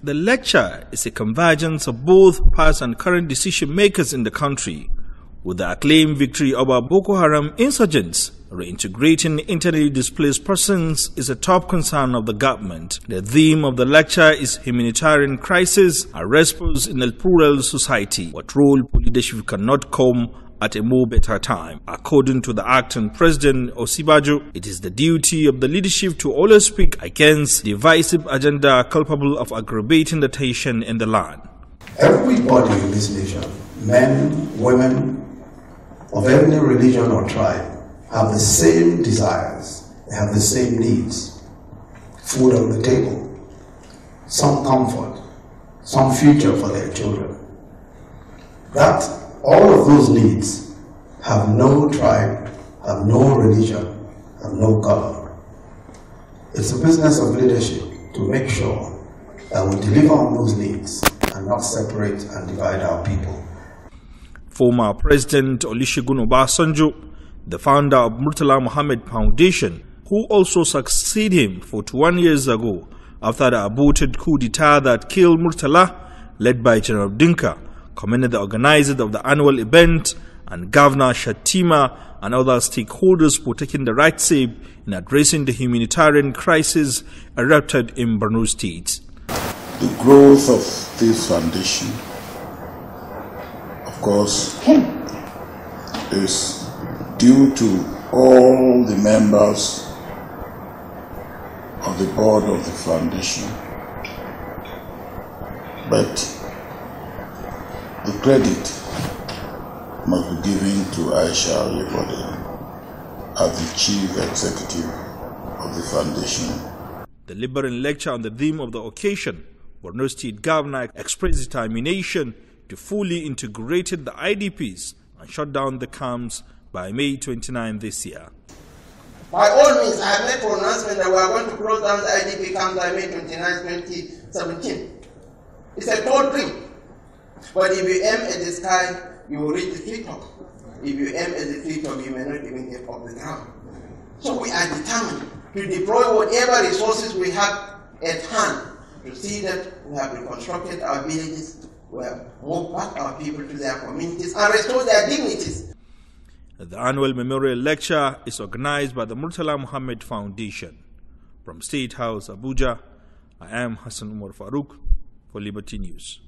The lecture is a convergence of both past and current decision makers in the country, with the acclaimed victory over Boko Haram insurgents. Reintegrating internally displaced persons is a top concern of the government. The theme of the lecture is humanitarian crisis, a response in a plural society. What role leadership cannot come at a more better time. According to the acting president Osibajo, it is the duty of the leadership to always speak against divisive agenda culpable of aggravating the tension in the land. Everybody in this nation, men, women, of any religion or tribe, have the same desires, they have the same needs. Food on the table, some comfort, some future for their children. That all of those needs have no tribe, have no religion, have no color. It's a business of leadership to make sure that we deliver on those needs and not separate and divide our people. Former President Olusegun Obasanjo, the founder of Murtala Muhammad Foundation, who also succeeded him 41 years ago after the aborted coup d'etat that killed Murtala, led by General Dinka, commended the organizers of the annual event and Governor Shatima and other stakeholders for taking the right step in addressing the humanitarian crisis erupted in Borno State. The growth of this foundation, of course, is due to all the members of the board of the foundation. But credit must be given to Aisha Olibode as the chief executive of the foundation. The Liberian lecture on the theme of the occasion, Borno State Governor expressed determination to fully integrate the IDPs and shut down the camps by May 29 this year. By all means, I have made pronouncement that we are going to close down the IDP camps by May 29, 2017. It's a cold dream. But if you aim at the sky, you will reach the treetop. If you aim at the treetop, you may not even get off the ground. So we are determined to deploy whatever resources we have at hand to see that we have reconstructed our villages, we have moved back our people to their communities and restored their dignities. The annual memorial lecture is organized by the Murtala Muhammad Foundation. From State House, Abuja, I am Hassan Umar Farouk for Liberty News.